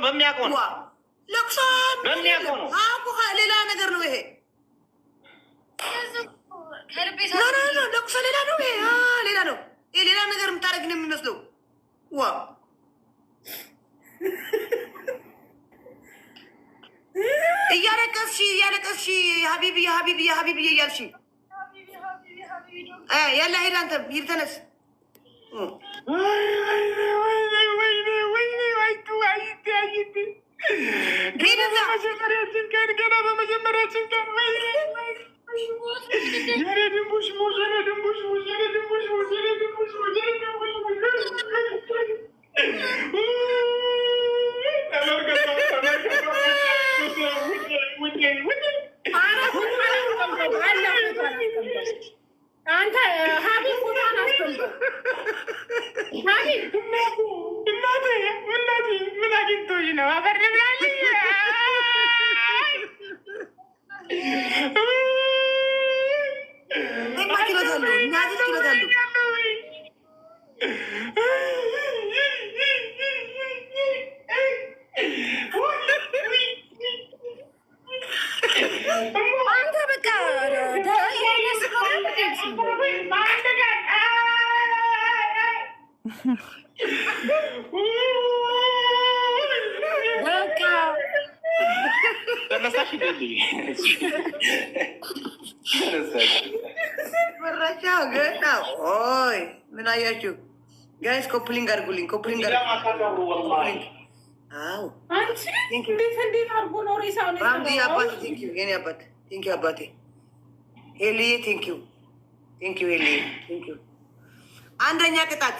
ለቅሶን በሚያውቀው ነው። ለቅሶ በሚያውቀው ነው። ሌላ ነገር ነው ይሄ። ለቅሶ ሌላ ነው፣ ሌላ ነው። ሌላ ነገር የምታደርግ ነው የሚመስለው። ዋ እያለቀስሽ እያለቀስሽ ሀቢብ ሀቢብ ሀቢብ እያልሽ ያለ ሄድ አንተ ሂድ ተነስ ተለያይት በመጀመሪያችን ቀን አንተ ሀቢብ ቁጣን አስገባ ሀቢብ እናቴ እናቴ ምን አግኝቶሽ ነው? አፈር ብላለች። መራቻው ገና ኦይ ምን አያችሁ ጋይስ? ኮፕሊንግ አድርጉልኝ፣ ኮፕሊንግ አባቴ ሄልዬ ቴንኪው ቴንኪው ሄልዬ ቴንኪው። አንደኛ ቅጣት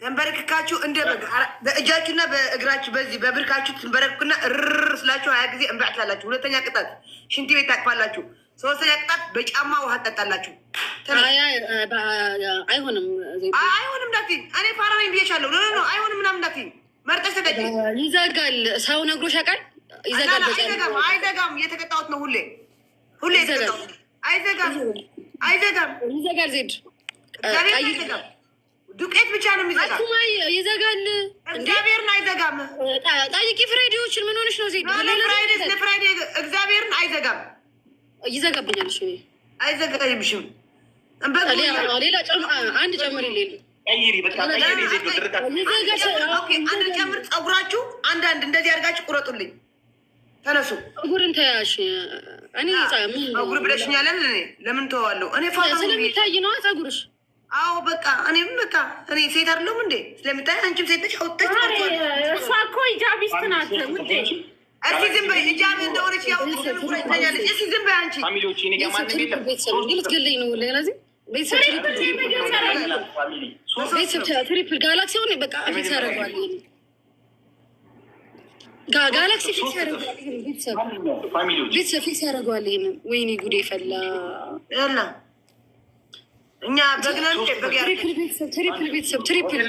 ተንበረክካችሁ እንደ በግ በእጃችሁና በእግራችሁ በዚህ በብርካችሁ ትንበረክኩና ርር ስላችሁ ሀያ ጊዜ እንባ ትላላችሁ። ሁለተኛ ቅጣት ሽንት ቤት ታቅፋላችሁ። ሶስተኛ ቅጣት በጫማ ውሃ ትጠጣላችሁ። አይሆንም አይሆንም እንዳት እኔ ፋራ ነኝ ብዬሻለሁ። ኖ ኖ አይሆንም ምናምን እንዳት መርጠሽ ተቀጭ። ይዘጋል ሰው ነግሮሽ ያውቃል። ይዘጋል። አይዘጋም አይዘጋም። የተቀጣሁት ነው ሁሌ ሁሌ የተቀጣሁት አይዘጋም አይዘጋም ይዘጋል ዜድ ይዘጋም ዱቄት ብቻ ነው የሚዘጋ። ይዘጋል። እግዚአብሔርን አይዘጋም። ጠይቂ ፍራይዴዎችን። ምን ሆነሽ ነው? ዜድ ፍራይዴ እግዚአብሔርን አይዘጋም። ይዘጋብኛል። እሺ አይዘጋኝምሽም። ሌላ አንድ ጨምር፣ ሌሉ አንድ ጨምር። ፀጉራችሁ አንዳንድ እንደዚህ አድርጋችሁ ቁረጡልኝ። ተነሱ። ፀጉርን ተያሽ እኔ ፀጉር ብለሽኛለን። ለምን ተዋለሁ እኔ ስለሚታይ ነዋ ፀጉርሽ አዎ በቃ እኔም በቃ እኔ ሴት አይደለሁም እንዴ? ስለምታይ አንቺም ሴት ነሽ። አውጥተሽ እሷ እኮ ሂጃቢስት ናት ውዴ። እስኪ ዝም በይ ሂጃብ እንደሆነች ያው ትኛለች። እስኪ ዝም በይ አንቺ ልትገልኝ ነው። ለዚህ ትሪፕል ጋላክሲ ሆነ በቃ ፊት ያደርገዋል። ጋላክሲ ፊት ያደርገዋል። ቤተሰብ ፊት ያደርገዋል። ይሄንን ወይኔ ጉዴ ፈላ እኛ ቤተሰብ ትሪፕል ቤተሰብ ትሪፕል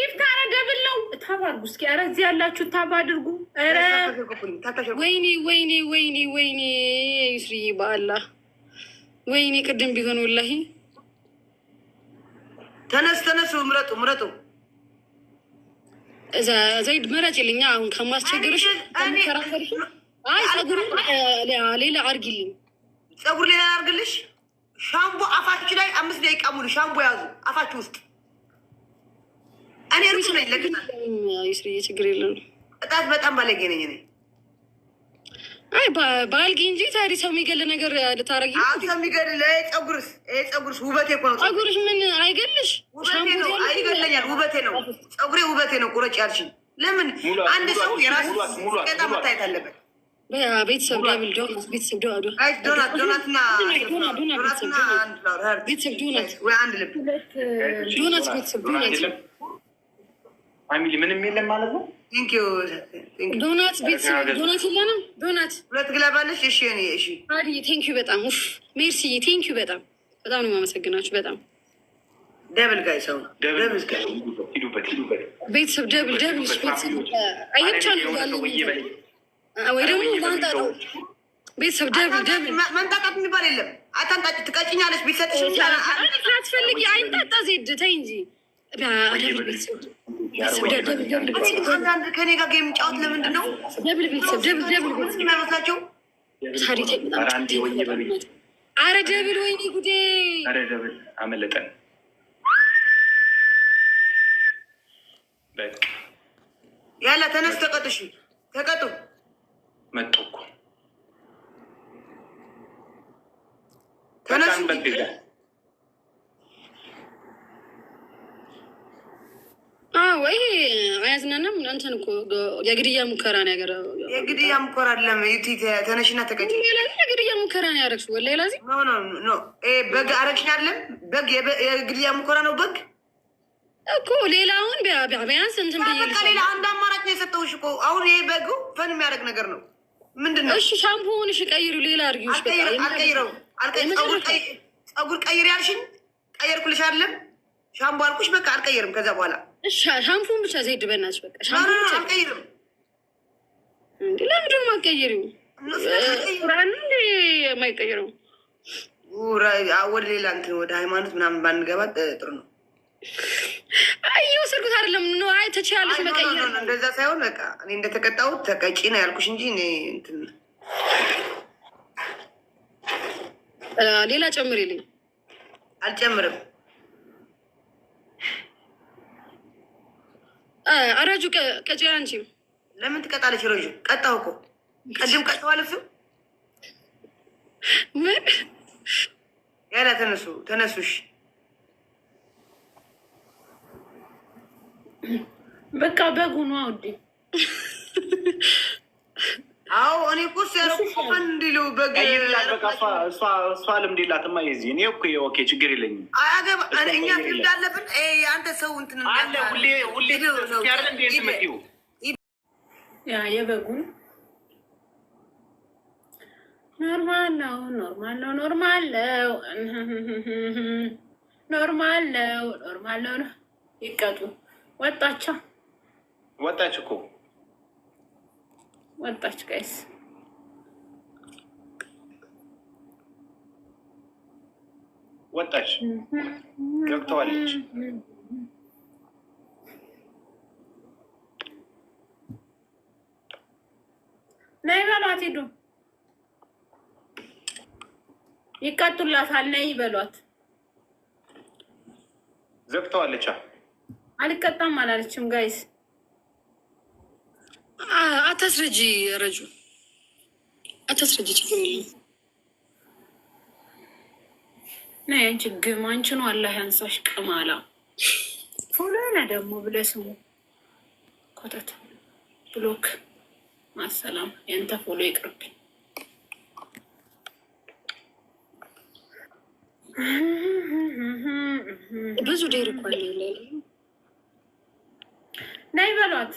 ጊፍት አረገብለው ታብ እስኪ ኧረ እዚህ ያላችሁ ታባ አድርጉ። ኧረ ወይኔ ወይኔ ወይኔ ወይኔ ይስሪ በአላህ ወይኔ ቅድም ቢሆን ወላሂ ተነስ ተነሱ፣ ምረጡ ምረጡ። ዘይድ መረጭ ልኛ አሁን ከማስቸገርሽ ከሚከራከርሽ አይ ጸጉር ሌላ አርጊልኝ ጸጉር ሌላ አርግልሽ ሻምቦ አፋችሁ ላይ አምስት ደቂቃ ሙሉ ሻምቦ ያዙ አፋችሁ ውስጥ። እኔ ሩስ ነኝ ለግናስርዬ ችግር የለም። እጣት በጣም ባለጌ ነኝ እኔ። አይ ባልጌ እንጂ ታሪ ሰው የሚገል ነገር ልታረጊ ሰው የሚገል ፀጉርስ ፀጉርስ ውበቴ እኮ ነው። ጸጉርሽ ምን አይገልሽ? ውበቴ ነው አይገለኛል። ውበቴ ነው ጸጉሬ ውበቴ ነው። ቁረጭ ያልሽኝ ለምን? አንድ ሰው የራሱ ገጣ መታየት አለበት። ቤተሰብ ቤተሰብ ፋሚሊ ምንም የለም ማለት ነው። ዶናት ቤተሰብ ዶናት የለንም። ዶናት ሁለት ግላባለች። እሺ እሺ ቴንኪዩ በጣም ሜርሲዬ ቴንኪዩ በጣም በጣም ነው የማመሰግናችሁ። በጣም ደብል ጋይ ሰው ቤተሰብ ደብል ደብል ቤተሰብ ያለ ወይ ደግሞ ማንጣ ነው ቤተሰብ ደብል ደብል መንጣጣት የሚባል የለም። አታንጣጭ ትቀጭኛለች። ቢሰጥሽ አትፈልጊ አይንጣጣ ዜድ ተይ እንጂ አንዳንድ ከኔ ጋር የሚጫወት ለምንድን ነው? ደብል ቤተሰብ ደብል ደብል የሚያመስላቸው አረ ደብል ወይኔ ጉዴ! አረ ደብል አመለጠን። ያላ ተነስ ተቀጥሽ ተቀጡ መጡ እኮ ወይ አያዝናናም። አንተን እኮ የግድያ ሙከራ ነው የግድያ ሙከራ አለም ዩቲ ተነሽና ተቀጭ የግድያ ሙከራ ነው ያደረግሽው። ወላሂ በግ አለም በግ የግድያ ሙከራ ነው በግ እኮ ሌላውን ቢያንስ እንትን ሌላ አንድ አማራጭ ነው የሰጠውሽ እኮ አሁን ይሄ በግ ፈን የሚያደርግ ነገር ነው ምንድን ነው? እሺ ሻምፖውን እሺ፣ ቀይሩ፣ ሌላ አድርጊው። እሺ ቀይሩ ሌላ አድርጊው እሺ ፀጉር ቀይር ያልሽኝ ቀየርኩልሽ አይደለም? ሻምፖ አልኩሽ። በቃ አልቀየርም ከዛ በኋላ። እሺ ሻምፖውን ብቻ ዘይድ በእናትሽ በቃ ሻምፖውን ብቻ አልቀይርም። እንዴ ለምን ደግሞ አልቀይሪው? ቁርአን የማይቀይረው ወደ ሌላ እንትን ወደ ሃይማኖት ምናምን ባንገባ ጥሩ ነው። እየወሰድኩት አይደለም። አይ ተችያለሽ መቀየር እንደዛ ሳይሆን በቃ እኔ እንደተቀጣሁት ተቀጪ ነው ያልኩሽ እንጂ እኔ እንትን ሌላ ጨምሪልኝ። አልጨምርም። አረጁ ቀጪ አንቺም ለምን ትቀጣለች? ረጁ ቀጣሁ እኮ ቀድም ቀጣሁ አልፍም ምን ያላ ተነሱ ተነሱሽ በቃ በጉ ነው ውዴ። አዎ እኔ እኮ እንዲሉ በግ ልምድ የላትማ የዚህ እኔ እኮ ኦኬ ችግር የለኝም። እኛ ልምድ አለብን። አንተ ሰው እንትን አለ ሁሌ ሁሌ ያለ እንዴ ያ የበጉን ኖርማል ነው፣ ኖርማል ነው፣ ኖርማል ነው፣ ኖርማል ነው፣ ኖርማል ነው። ይቀጡ ወጣቸው ወጣች እኮ ወጣች። ቀይስ ወጣች፣ ገብተዋለች። ነይ በሏት፣ ሂዱ ይቀጡላታል። ነይ በሏት፣ ዘግተዋለች። አልቀጣም አላለችም። ጋይስ አታስረጂ፣ ረጁ አታስረጂ። ና ያንቺ ግም አንቺ ነው። አላህ ያንሳሽ ቅማላ ፎሎና ደግሞ ብለ ስሙ ኮተት ብሎክ ማሰላም የንተ ፎሎ ይቅርብኝ። ብዙ ዴር እኮ ነይ በሏት።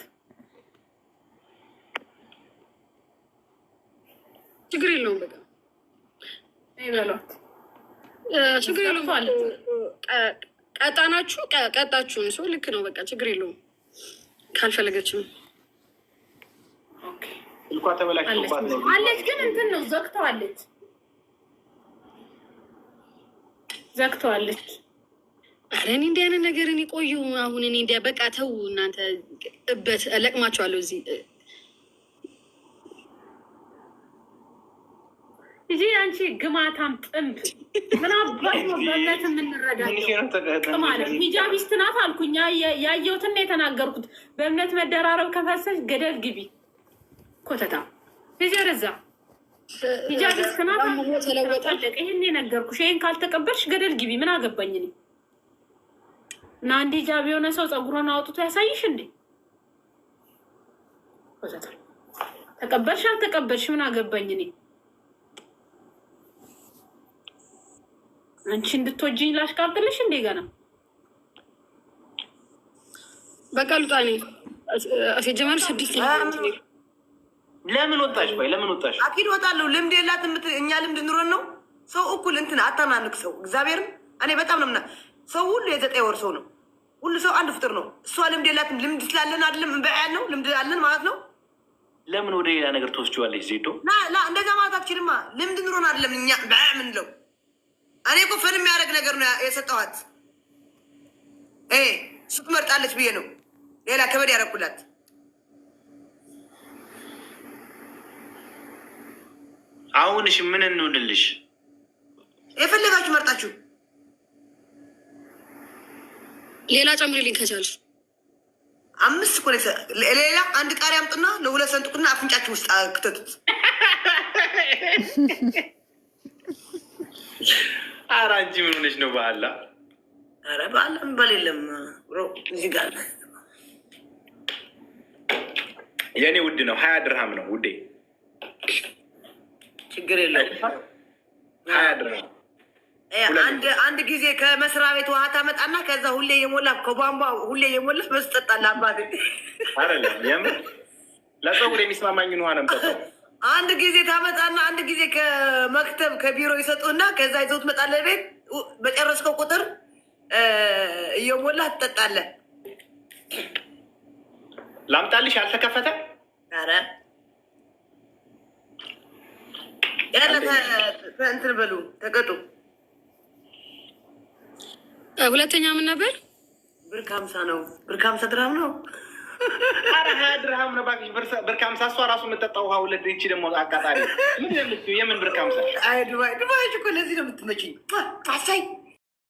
ችግር የለውም። በጣም ነይ በሏት። ችግር የለውም። ቀጣናችሁ ቀጣችሁን ሰው ልክ ነው። በቃ ችግር የለውም። ካልፈለገችም አለች፣ ግን እንትን ነው ዘግተዋለች፣ ዘግተዋለች። አረ እኔ እንዲህ አይነት ነገር እኔ ቆዩ አሁን እኔ እንዲያ በቃ ተው እናንተ እበት ለቅማቸዋለሁ። እዚህ እዚ አንቺ ግማታም ጥንብ ምናባት አባት ነው በእምነት የምንረዳው? ሂጃቢስት ናት አልኩኝ። ያየሁትና የተናገርኩት በእምነት መደራረብ ከፈሰሽ ገደል ግቢ ኮተታ እዚ ረዛ ሂጃቢስት ናት ተለወጣለቀ። ይህን የነገርኩሽ ይህን ካልተቀበልሽ ገደል ግቢ ምን አገባኝ ነው እና አንድ ሂጃብ የሆነ ሰው ፀጉሮን አውጥቶ ያሳይሽ እንዴ? ተቀበልሽ አልተቀበልሽ ምን አገባኝ እኔ። አንቺ እንድትወጂኝ ላሽቃብጥልሽ እንዴ? ገና በቃ ሉጣኔ ሲጀመር ስድስት ለምን ወጣሽ? ወይ ለምን ወጣሽ? አኪድ ወጣለሁ። ልምድ የላት ምት እኛ ልምድ ኑሮን ነው ሰው እኩል እንትን አታናንቅ ሰው እግዚአብሔርን እኔ በጣም ነው ምና ሰው ሁሉ የዘጠኝ ወር ሰው ነው። ሁሉ ሰው አንድ ፍጡር ነው። እሷ ልምድ የላትም። ልምድ ስላለን አይደለም እንበያል ነው ልምድ አለን ማለት ነው። ለምን ወደ ሌላ ነገር ተወስችዋለች ዜዶ? እንደዛ ማለት አትችልማ። ልምድ ኑሮን አይደለም እኛ በያ ምንለው። እኔ እኮ ፈን የሚያደርግ ነገር ነው የሰጠኋት። እሱ ትመርጣለች ብዬ ነው ሌላ ከበድ ያደረኩላት። አሁንሽ ምን እንውልልሽ? የፈለጋችሁ መርጣችሁ ሌላ ጨምሪልኝ ከቻልሽ። አምስት እኮ ሌላ አንድ ቃሪ አምጡና ለሁለት ሰንጥቁና አፍንጫችን ውስጥ ክተቱት። ኧረ አንቺ ምን ሆነሽ ነው? በአላ አረ በአላ ምባል የለም። እዚህ ጋር የእኔ ውድ ነው፣ ሀያ ድርሃም ነው ውዴ፣ ችግር የለውም ሀያ ድርሃም አንድ አንድ ጊዜ ከመስሪያ ቤት ውሃ ታመጣና ከዛ ሁሌ የሞላ ከቧንቧ ሁሌ የሞላ በሱ ጠጣል። አባት አለም ለፀጉር የሚስማማኝን ውሃ ነው የምጠጣው። አንድ ጊዜ ታመጣና አንድ ጊዜ ከመክተብ ከቢሮ ይሰጡና ከዛ ይዘው ትመጣለህ ቤት። በጨረስከው ቁጥር እየሞላ ትጠጣለህ። ላምጣልሽ? አልተከፈተ ኧረ ያለ እንትን በሉ ተቀጡ ሁለተኛ ምን ነበር? ብር ከሀምሳ ነው። ብር ከሀምሳ ድርሃም ነው። አረ ሀያ ድርሃም ነው እባክሽ። ብር ከሀምሳ እሷ ራሱ የምጠጣው ውሃ ሁለት ይቺ ደግሞ አቃጣሪ ምን የምን ብር ከሀምሳ ድባይ ድባይ እኮ ለዚህ ነው የምትመችኝ። አሳይ